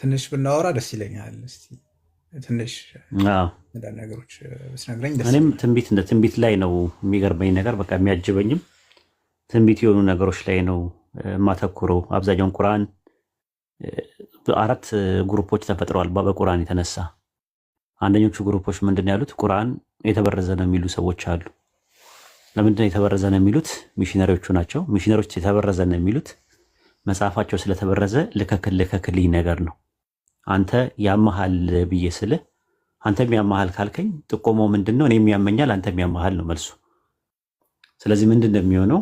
ትንሽ ብናወራ ደስ ይለኛል። ትንሽ ነገሮች እኔም ትንቢት እንደ ትንቢት ላይ ነው የሚገርመኝ ነገር በቃ የሚያጅበኝም ትንቢት የሆኑ ነገሮች ላይ ነው የማተኩረው። አብዛኛውን ቁርአን አራት ግሩፖች ተፈጥረዋል በቁርአን የተነሳ አንደኞቹ ግሩፖች ምንድን ነው ያሉት? ቁርአን የተበረዘ ነው የሚሉ ሰዎች አሉ። ለምንድን የተበረዘ ነው የሚሉት? ሚሽነሪዎቹ ናቸው። ሚሽነሪዎች የተበረዘ ነው የሚሉት መጽሐፋቸው ስለተበረዘ ልከክል ልከክልኝ ነገር ነው። አንተ ያመሃል ብዬ ስል አንተም ያመሃል ካልከኝ ጥቆሞ ምንድን ነው? እኔም ያመኛል አንተም ያመሃል ነው መልሱ። ስለዚህ ምንድን ነው የሚሆነው?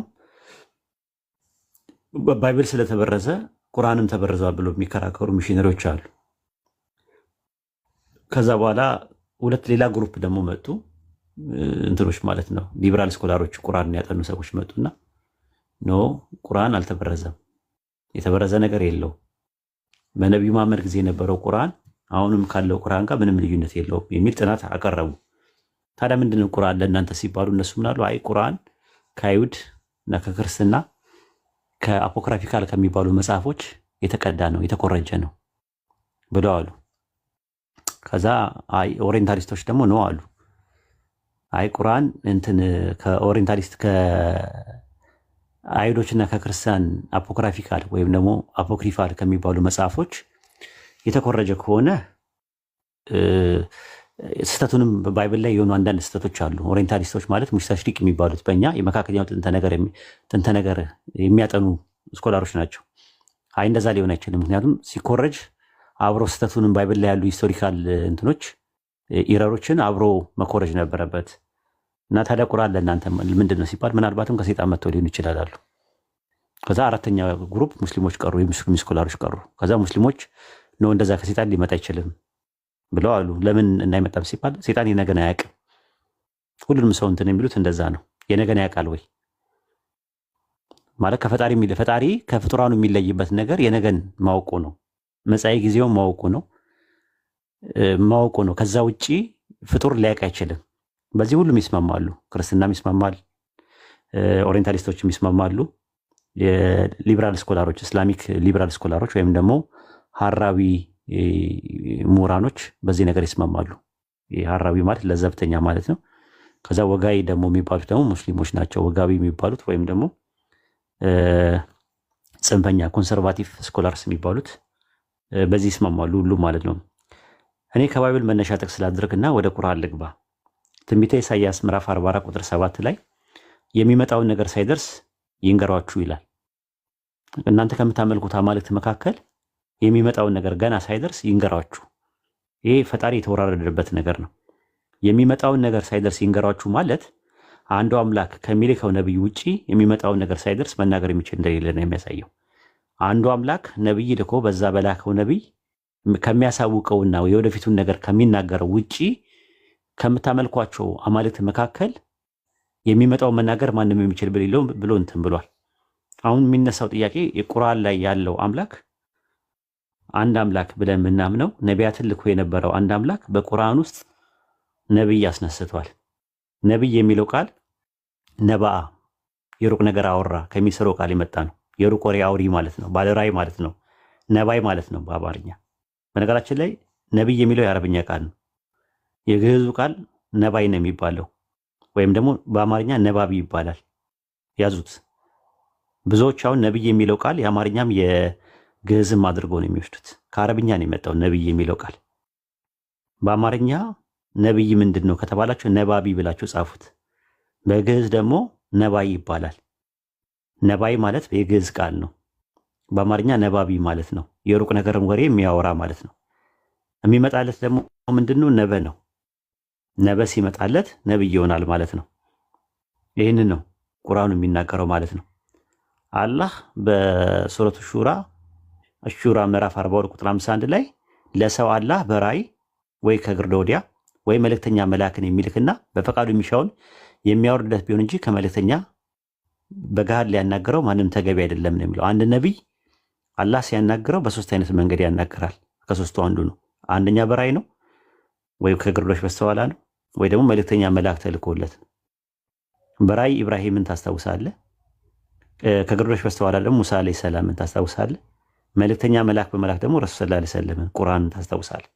ባይብል ስለተበረዘ ቁርአንም ተበርዟል ብሎ የሚከራከሩ ሚሽነሪዎች አሉ። ከዛ በኋላ ሁለት ሌላ ግሩፕ ደግሞ መጡ፣ እንትኖች ማለት ነው ሊበራል ስኮላሮች፣ ቁርአን ያጠኑ ሰዎች መጡና ኖ ቁርአን አልተበረዘም የተበረዘ ነገር የለው። በነቢዩ ማመድ ጊዜ የነበረው ቁርአን አሁንም ካለው ቁርአን ጋር ምንም ልዩነት የለውም የሚል ጥናት አቀረቡ። ታዲያ ምንድነው ቁርአን ለእናንተ ሲባሉ እነሱ ምናሉ? አይ ቁርአን ከአይሁድ እና ከክርስትና ከአፖክራፊካል ከሚባሉ መጽሐፎች የተቀዳ ነው የተኮረጀ ነው ብለው አሉ። ከዛ ኦሪንታሊስቶች ደግሞ ነው አሉ። አይ ቁርአን እንትን ከኦሪንታሊስት አይሁዶችና ከክርስቲያን አፖክራፊካል ወይም ደግሞ አፖክሪፋል ከሚባሉ መጽሐፎች የተኮረጀ ከሆነ ስህተቱንም ባይብል ላይ የሆኑ አንዳንድ ስህተቶች አሉ። ኦሪንታሊስቶች ማለት ሙሽታሽሪቅ የሚባሉት በእኛ የመካከለኛው ጥንተ ነገር የሚያጠኑ ስኮላሮች ናቸው። አይ እንደዛ ሊሆን አይችልም። ምክንያቱም ሲኮረጅ አብሮ ስህተቱንም ባይብል ላይ ያሉ ሂስቶሪካል እንትኖች ኢረሮችን አብሮ መኮረጅ ነበረበት። እና ታዲያ ቁርአን ለእናንተ ምንድን ነው ሲባል ምናልባትም ከሴጣን መጥቶ ሊሆን ይችላል አሉ። ከዛ አራተኛ ግሩፕ ሙስሊሞች ቀሩ፣ የሙስሊም ስኮላሮች ቀሩ። ከዛ ሙስሊሞች ነው እንደዛ ከሴጣን ሊመጣ አይችልም ብለው አሉ። ለምን እናይመጣም ሲባል ሴጣን የነገን አያውቅም። ሁሉንም ሰው እንትን የሚሉት እንደዛ ነው። የነገን ያውቃል ወይ ማለት ከፈጣሪ ፈጣሪ ከፍጡራኑ የሚለይበት ነገር የነገን ማወቁ ነው። መጻኢ ጊዜውን ማወቁ ነው ማወቁ ነው። ከዛ ውጭ ፍጡር ሊያውቅ አይችልም። በዚህ ሁሉም ይስማማሉ። ክርስትናም ይስማማል፣ ኦሪንታሊስቶችም ይስማማሉ። የሊበራል ስኮላሮች እስላሚክ ሊበራል ስኮላሮች ወይም ደግሞ ሀራዊ ምሁራኖች በዚህ ነገር ይስማማሉ። ሀራዊ ማለት ለዘብተኛ ማለት ነው። ከዛ ወጋዊ ደግሞ የሚባሉት ደግሞ ሙስሊሞች ናቸው። ወጋዊ የሚባሉት ወይም ደግሞ ጽንፈኛ ኮንሰርቫቲቭ ስኮላርስ የሚባሉት በዚህ ይስማማሉ ሁሉም ማለት ነው። እኔ ከባይብል መነሻ ጥቅስ ስላድርግ እና ወደ ቁርአን ልግባ። ትንቢተ ኢሳይያስ ምዕራፍ 44 ቁጥር 7 ላይ የሚመጣውን ነገር ሳይደርስ ይንገሯችሁ ይላል። እናንተ ከምታመልኩት አማልክት መካከል የሚመጣውን ነገር ገና ሳይደርስ ይንገሯችሁ። ይሄ ፈጣሪ የተወራረደበት ነገር ነው። የሚመጣውን ነገር ሳይደርስ ይንገሯችሁ ማለት አንዱ አምላክ ከሚልከው ነቢይ ውጪ የሚመጣውን ነገር ሳይደርስ መናገር የሚችል እንደሌለ ነው የሚያሳየው። አንዱ አምላክ ነቢይ ልኮ በዛ በላከው ነቢይ ከሚያሳውቀውና የወደፊቱን ነገር ከሚናገረው ውጪ ከምታመልኳቸው አማልክት መካከል የሚመጣው መናገር ማንም የሚችል በሌለው ብሎ እንትን ብሏል። አሁን የሚነሳው ጥያቄ የቁርአን ላይ ያለው አምላክ አንድ አምላክ ብለን የምናምነው ነቢያትን ልኮ የነበረው አንድ አምላክ በቁርአን ውስጥ ነቢይ አስነስቷል። ነቢይ የሚለው ቃል ነባአ የሩቅ ነገር አወራ ከሚሰረው ቃል የመጣ ነው። የሩቅ ወሬ አውሪ ማለት ነው። ባለራይ ማለት ነው። ነባይ ማለት ነው በአማርኛ። በነገራችን ላይ ነቢይ የሚለው የአረብኛ ቃል ነው። የግዕዙ ቃል ነባይ ነው የሚባለው፣ ወይም ደግሞ በአማርኛ ነባቢ ይባላል። ያዙት። ብዙዎች አሁን ነብይ የሚለው ቃል የአማርኛም የግዕዝም አድርጎ ነው የሚወስዱት። ከአረብኛ ነው የመጣው ነብይ የሚለው ቃል። በአማርኛ ነብይ ምንድን ነው ከተባላችሁ ነባቢ ብላችሁ ጻፉት። በግዕዝ ደግሞ ነባይ ይባላል። ነባይ ማለት የግዕዝ ቃል ነው። በአማርኛ ነባቢ ማለት ነው። የሩቅ ነገርም ወሬ የሚያወራ ማለት ነው። የሚመጣለት ደግሞ ምንድን ነው? ነበ ነው። ነበስ ይመጣለት ነብይ ይሆናል ማለት ነው። ይህንን ነው ቁርአኑ የሚናገረው ማለት ነው። አላህ በሱረቱ ሹራ ሹራ ምዕራፍ 42 ቁጥር 51 ላይ ለሰው አላህ በራይ ወይ ከግርዶ ወዲያ ወይ መልእክተኛ መልአክን የሚልክና በፈቃዱ የሚሻውን የሚያወርድለት ቢሆን እንጂ ከመልእክተኛ በጋር ሊያናገረው ማንም ተገቢ አይደለም ነው የሚለው። አንድ ነቢይ አላህ ሲያናግረው በሶስት አይነት መንገድ ያናግራል። ከሶስቱ አንዱ ነው። አንደኛ በራይ ነው ወይ ከግርዶች በስተኋላ ነው። ወይ ደግሞ መልእክተኛ መልአክ ተልኮለት በራይ በራእይ ኢብራሂምን ታስታውሳለህ። ከግርዶች በስተኋላ ደግሞ ሙሳ አለይሂ ሰላምን ታስታውሳለህ። መልእክተኛ መልአክ በመላክ ደግሞ ረሱል ሰለላሁ ዐለይሂ ወሰለም ቁርአንን ታስታውሳለህ።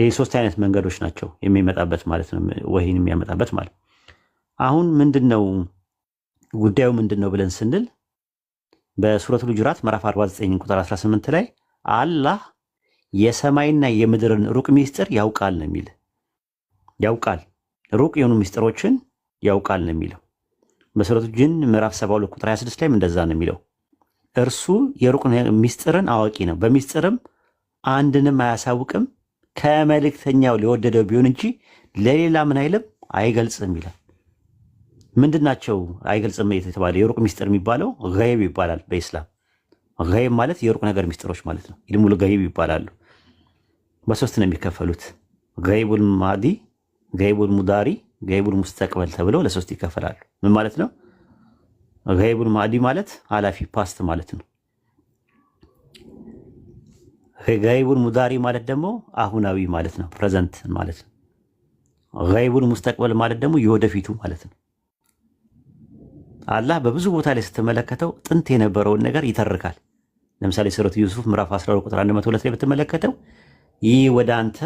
ይህ ሶስት አይነት መንገዶች ናቸው የሚመጣበት ማለት ነው፣ ወህይን የሚያመጣበት ማለት አሁን ምንድን ነው ጉዳዩ ምንድን ነው ብለን ስንል በሱረቱ ሑጁራት ምዕራፍ 49 ቁጥር 18 ላይ አላህ የሰማይና የምድርን ሩቅ ሚስጥር ያውቃል ነው የሚል ያውቃል፣ ሩቅ የሆኑ ምስጢሮችን ያውቃል ነው የሚለው። መሰረቱ ጅን ምዕራፍ 72 ቁጥር 26 ላይም እንደዛ ነው የሚለው። እርሱ የሩቅ ምስጢርን አዋቂ ነው፣ በምስጢርም አንድንም አያሳውቅም። ከመልእክተኛው ሊወደደው ቢሆን እንጂ ለሌላ ምን አይልም አይገልጽም ይላል። ምንድን ናቸው አይገልጽም የተባለ የሩቅ ምስጢር የሚባለው ገይብ ይባላል በኢስላም ገይብ ማለት የሩቅ ነገር ምስጢሮች ማለት ነው። ኢልሙል ገይብ ይባላሉ። በሶስት ነው የሚከፈሉት ገይቡል ማዲ ገይቡል ሙዳሪ፣ ገይቡል ሙስተቅበል ተብለው ለሶስት ይከፈላሉ። ምን ማለት ነው? ገይቡን ማዲ ማለት ኃላፊ ፓስት ማለት ነው። ገይቡን ሙዳሪ ማለት ደግሞ አሁናዊ ማለት ነው፣ ፕሬዘንት ማለት ነው። ገይቡን ሙስተቅበል ማለት ደግሞ የወደፊቱ ማለት ነው። አላህ በብዙ ቦታ ላይ ስትመለከተው ጥንት የነበረውን ነገር ይተርካል። ለምሳሌ ሱረቱ ዩሱፍ ምዕራፍ 12 ቁጥር 102 ላይ ብትመለከተው ይህ ወደ አንተ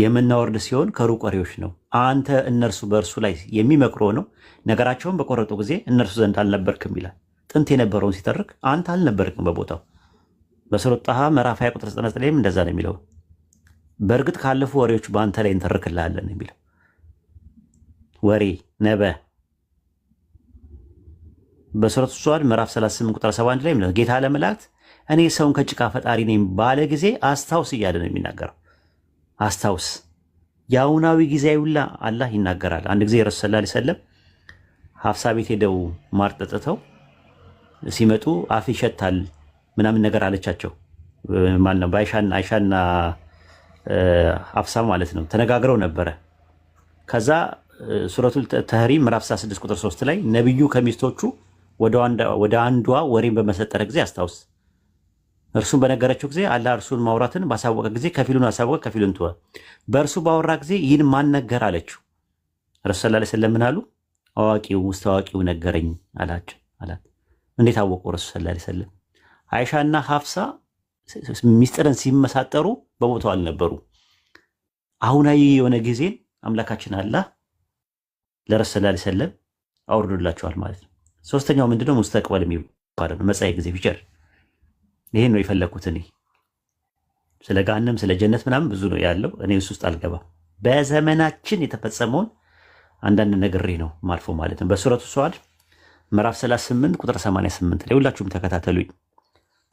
የምናወርድ ሲሆን ከሩቅ ወሬዎች ነው። አንተ እነርሱ በእርሱ ላይ የሚመክሮ ነው። ነገራቸውን በቆረጡ ጊዜ እነርሱ ዘንድ አልነበርክም ይላል። ጥንት የነበረውን ሲተርክ አንተ አልነበርክም በቦታው። በሰሎጣሃ ምዕራፍ 2 ቁጥር 9 ላይም እንደዛ ነው የሚለው። በእርግጥ ካለፉ ወሬዎች በአንተ ላይ እንተርክልሃለን የሚለው ወሬ ነበ በሱረቱ ሷድ ምዕራፍ 38 ቁጥር 71 ላይ ጌታ ለመላእክት እኔ ሰውን ከጭቃ ፈጣሪ ነኝ ባለ ጊዜ አስታውስ እያለ ነው የሚናገረው። አስታውስ። የአሁናዊ ጊዜያዊላ አላህ ይናገራል። አንድ ጊዜ ረሱ ስላ ሰለም ሀፍሳ ቤት ሄደው ማር ጠጥተው ሲመጡ አፍ ይሸታል ምናምን ነገር አለቻቸው። ማነው አይሻና ሀፍሳ ማለት ነው። ተነጋግረው ነበረ። ከዛ ሱረቱ ተህሪም ምዕራፍ 6 ቁጥር 3 ላይ ነቢዩ ከሚስቶቹ ወደ አንዷ ወሬን በመሰጠረ ጊዜ አስታውስ እርሱን በነገረችው ጊዜ አላ እርሱን ማውራትን ባሳወቀ ጊዜ ከፊሉን አሳወቀ፣ ከፊሉን ተወ። በእርሱ ባወራ ጊዜ ይህን ማን ነገር አለችው። ረሱ ላ ስለም ምን አሉ? አዋቂው ውስጥ አዋቂው ነገረኝ አላቸው አላት። እንዴት አወቁ? ረሱ ላ ስለም አይሻና ሀፍሳ ሚስጥርን ሲመሳጠሩ በቦታው አልነበሩ። አሁናዊ የሆነ ጊዜን አምላካችን አላህ ለረሱ ላ ስለም አውርዶላቸዋል ማለት ነው። ሶስተኛው ምንድነው? ሙስተቅበል የሚባለው ነው። መጻኢ ጊዜ ፊቸር ይሄን ነው የፈለግኩት እኔ ስለ ጋንም ስለ ጀነት ምናምን ብዙ ነው ያለው። እኔ እሱ ውስጥ አልገባም። በዘመናችን የተፈጸመውን አንዳንድ ነግሬ ነው ማልፎ ማለት ነው። በሱረቱ ሰዋድ ምዕራፍ 38 ቁጥር 88 ላይ ሁላችሁም ተከታተሉኝ።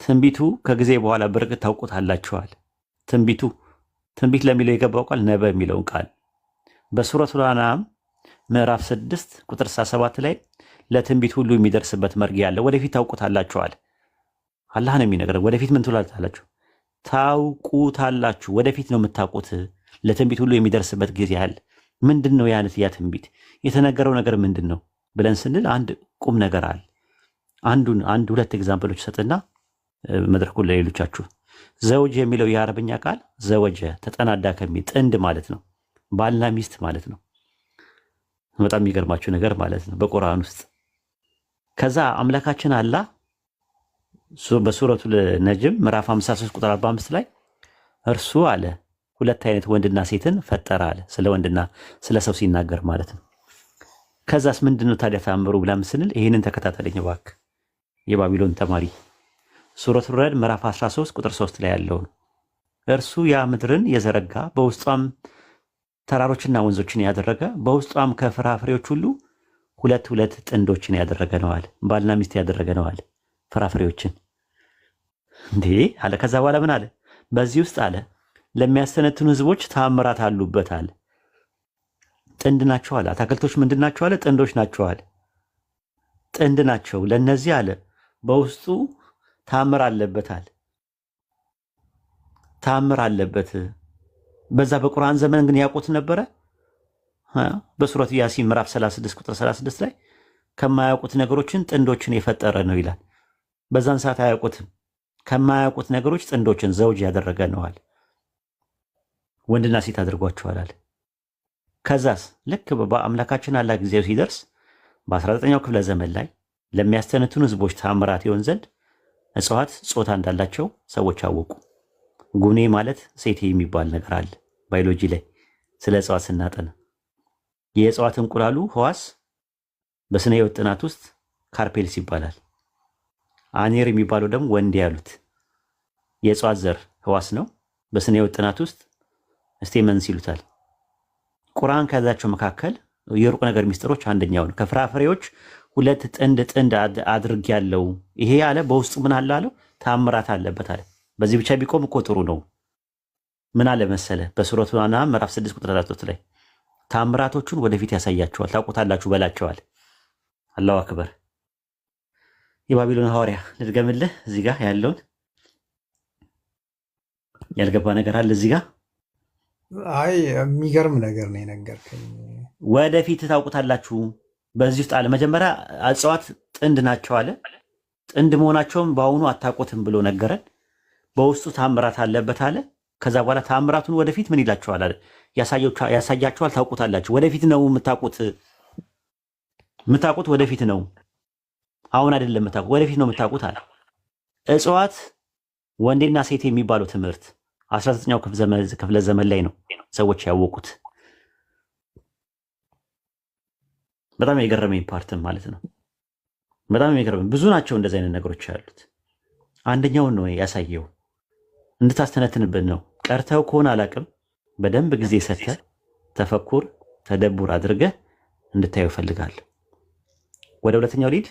ትንቢቱ ከጊዜ በኋላ በርግጥ ታውቁታላችኋል። ትንቢቱ ትንቢት ለሚለው የገባው ቃል ነበ የሚለውን ቃል በሱረቱ አንዓም ምዕራፍ 6 ቁጥር 67 ላይ ለትንቢት ሁሉ የሚደርስበት መርጊያ አለ፣ ወደፊት ታውቁታላችኋል አላህ ነው የሚነግረን። ወደፊት ምን ትላላችሁ? ታውቁታላችሁ። ወደፊት ነው የምታውቁት። ለትንቢት ሁሉ የሚደርስበት ጊዜ ያህል ምንድን ነው ያነት ያ ትንቢት የተነገረው ነገር ምንድን ነው ብለን ስንል አንድ ቁም ነገር አለ። አንዱን አንድ ሁለት ኤግዛምፕሎች ሰጥና መድረኩን ለሌሎቻችሁ። ዘውጅ የሚለው የአረብኛ ቃል ዘወጀ ተጠናዳ ከሚል ጥንድ ማለት ነው። ባልና ሚስት ማለት ነው። በጣም የሚገርማችሁ ነገር ማለት ነው በቁርአን ውስጥ ከዛ አምላካችን አላህ በሱረቱ ነጅም ምዕራፍ 53 ቁጥር 45 ላይ እርሱ አለ ሁለት አይነት ወንድና ሴትን ፈጠረ አለ። ስለ ወንድና ስለ ሰው ሲናገር ማለት ነው። ከዛስ ምንድነው ታዲያ ተአምሩ ብላም ስንል ይህንን ተከታተለኝ ባክ የባቢሎን ተማሪ ሱረቱ ረድ ምዕራፍ 13 ቁጥር 3 ላይ ያለው። እርሱ ያ ምድርን የዘረጋ በውስጧም ተራሮችና ወንዞችን ያደረገ በውስጧም ከፍራፍሬዎች ሁሉ ሁለት ሁለት ጥንዶችን ያደረገ ነዋል። ባልና ሚስት ያደረገ ነዋል። ፍራፍሬዎችን እንዴ አለ። ከዛ በኋላ ምን አለ? በዚህ ውስጥ አለ ለሚያስተነትኑ ህዝቦች ታምራት አሉበት አለ። ጥንድ ናቸው አለ። አታክልቶች ምንድን ናቸው አለ? ጥንዶች ናቸው አለ። ጥንድ ናቸው ለእነዚህ አለ በውስጡ ታምር አለበት አለ። ታምር አለበት። በዛ በቁርአን ዘመን ግን ያውቁት ነበረ። በሱረት ያሲን ምዕራፍ 36 ቁጥር 36 ላይ ከማያውቁት ነገሮችን ጥንዶችን የፈጠረ ነው ይላል። በዛን ሰዓት አያውቁትም። ከማያውቁት ነገሮች ጥንዶችን ዘውጅ ያደረገ ነዋል። ወንድና ሴት አድርጓቸዋላል። ከዛስ ልክ በአምላካችን አላ ጊዜው ሲደርስ በ19ኛው ክፍለ ዘመን ላይ ለሚያስተነትኑ ህዝቦች ታምራት ይሆን ዘንድ እጽዋት ጾታ እንዳላቸው ሰዎች አወቁ። ጉኔ ማለት ሴት የሚባል ነገር አለ ባዮሎጂ ላይ ስለ እጽዋት ስናጠና የእጽዋት እንቁላሉ ህዋስ በስነ ህይወት ጥናት ውስጥ ካርፔልስ ይባላል። አኔር የሚባለው ደግሞ ወንድ ያሉት የእጽዋት ዘር ህዋስ ነው። በስነ ህይወት ጥናት ውስጥ ስቴመንስ ይሉታል። ቁርአን ከያዛቸው መካከል የሩቅ ነገር ሚስጥሮች አንደኛው ነው። ከፍራፍሬዎች ሁለት ጥንድ ጥንድ አድርግ ያለው ይሄ አለ። በውስጡ ምን አለ አለው? ታምራት አለበት አለ። በዚህ ብቻ ቢቆም እኮ ጥሩ ነው። ምን አለ መሰለ በሱረቱ ና ምዕራፍ ስድስት ቁጥር 3 ላይ ታምራቶቹን ወደፊት ያሳያቸዋል፣ ታውቁታላችሁ በላቸዋል። አላሁ አክበር የባቢሎን ሐዋርያ ልድገምልህ። እዚህ ጋር ያለውን ያልገባ ነገር አለ እዚህ ጋር። አይ የሚገርም ነገር ነው የነገርከኝ። ወደፊት ታውቁታላችሁ። በዚህ ውስጥ አለ መጀመሪያ እጽዋት ጥንድ ናቸው አለ። ጥንድ መሆናቸውም በአሁኑ አታውቁትም ብሎ ነገረን። በውስጡ ታምራት አለበት አለ። ከዛ በኋላ ታምራቱን ወደፊት ምን ይላቸዋል አለ ያሳያችኋል፣ ታውቁታላችሁ። ወደፊት ነው የምታውቁት፣ የምታውቁት ወደፊት ነው አሁን አይደለም የምታውቁት ወደፊት ነው የምታውቁት አለ። እጽዋት ወንዴና ሴት የሚባለው ትምህርት 19ኛው ክፍለ ዘመን ላይ ነው ሰዎች ያወቁት። በጣም የገረመኝ ፓርትም ማለት ነው። በጣም የገረመኝ ብዙ ናቸው እንደዚህ አይነት ነገሮች ያሉት። አንደኛውን ነው ያሳየው እንድታስተነትንብን ነው። ቀርተው ከሆነ አላቅም በደንብ ጊዜ ሰተህ ተፈኩር ተደቡር አድርገህ እንድታየው እፈልጋለሁ። ወደ ሁለተኛው ሊድ